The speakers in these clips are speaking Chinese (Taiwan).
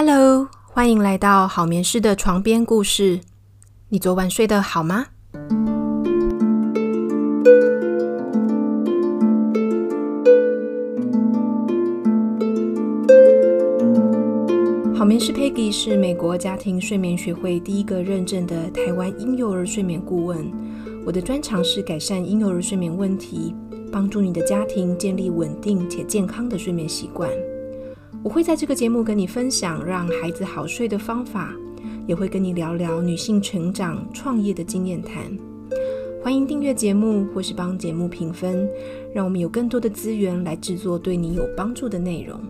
Hello，歡迎來到好眠師的床邊故事。你昨晚睡得好嗎？好眠師 Peggy 是美國家庭睡眠學會第一個認證的台灣嬰幼兒睡眠顧問。我的專長是改善嬰幼兒睡眠問題，幫助你的家庭建立穩定且健康的睡眠習慣。我會在這個節目跟你分享讓孩子好睡的方法，也會跟你聊聊女性成長、創業的經驗談。歡迎訂閱節目，或是幫節目評分，讓我們有更多的資源來製作對你有幫助的內容。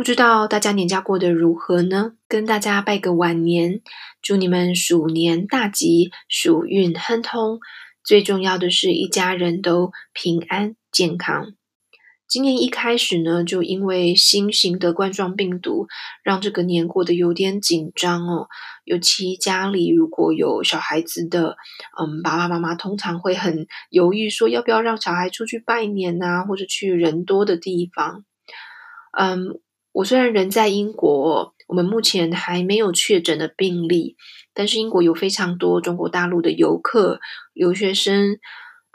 不知道大家年假過得如何呢？跟大家拜個晚年，祝你們鼠年大吉，鼠運亨通。最重要的是一家人都平安健康。今年一開始呢，就因為新型的冠狀病毒，讓這個年過得有點緊張哦。尤其家裡如果有小孩子的，嗯，爸爸媽媽通常會很猶豫，說要不要讓小孩出去拜年啊，或者去人多的地方，嗯。我雖然人在英國，我們目前還沒有確診的病例，但是英國有非常多中國大陸的遊客、留學生，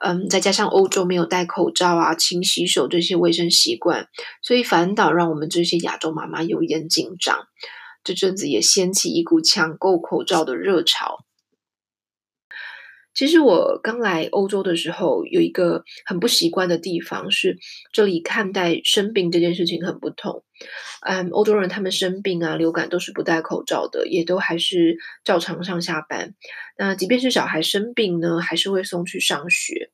嗯，再加上歐洲沒有戴口罩啊、勤洗手這些衛生習慣，所以反倒讓我們這些亞洲媽媽有點緊張。這陣子也掀起一股搶購口罩的熱潮。其實我剛來歐洲的時候，有一個很不習慣的地方是，這裡看待生病這件事情很不同。嗯、um，歐洲人他們生病啊，流感都是不戴口罩的，也都還是照常上下班。那即便是小孩生病呢，還是會送去上學。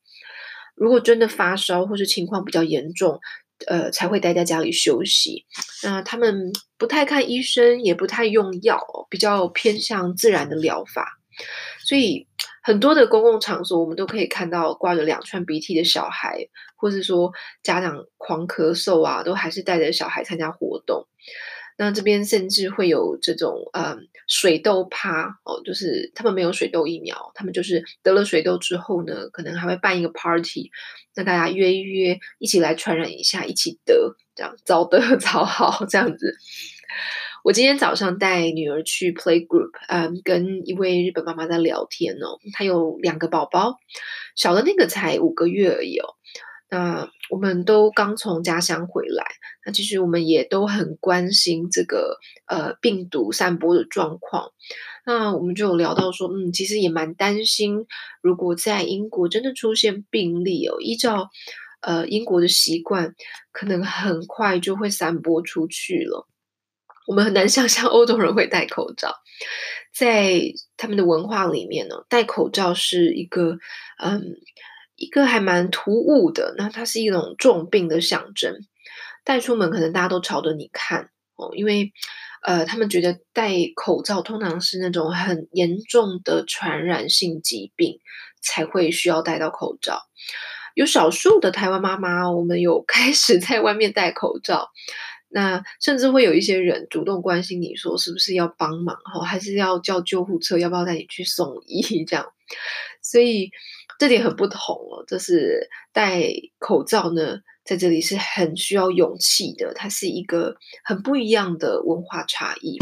如果真的發燒或是情況比較嚴重，呃，才會待在家裡休息。那他們不太看醫生，也不太用藥，比較偏向自然的療法，所以。很多的公共場所，我們都可以看到掛着兩串鼻涕的小孩，或是說家長狂咳嗽啊，都還是帶着小孩參加活動。那這邊甚至會有這種，嗯，水痘趴哦，就是他們沒有水痘疫苗，他們就是得了水痘之後呢，可能還會辦一個 party，那大家約一約，一起來傳染一下，一起得，這樣早得早好，這樣子。我今天早上帶女兒去 playgroup，嗯，跟一位日本媽媽在聊天哦，她有兩個寶寶，小的那個才五個月而已哦。那我們都剛從家鄉回來，那其實我們也都很關心這個呃病毒散播的狀況。那我們就有聊到說，嗯，其實也蠻擔心，如果在英國真的出現病例哦，依照呃英國的習慣，可能很快就會散播出去了。我們很難想象歐洲人會戴口罩，在他們的文化裡面呢，戴口罩是一個嗯一個還蠻突兀的，那它是一種重病的象徵，戴出門可能大家都朝着你看哦，因為呃他們覺得戴口罩通常是那種很嚴重的傳染性疾病才會需要戴到口罩。有少數的台灣媽媽，我們有開始在外面戴口罩。那甚至會有一些人主動關心你，說是不是要幫忙哈，還是要叫救護車，要不要帶你去送醫這樣。所以這點很不同哦，就是戴口罩呢，在這裡是很需要勇氣的，它是一個很不一樣的文化差異。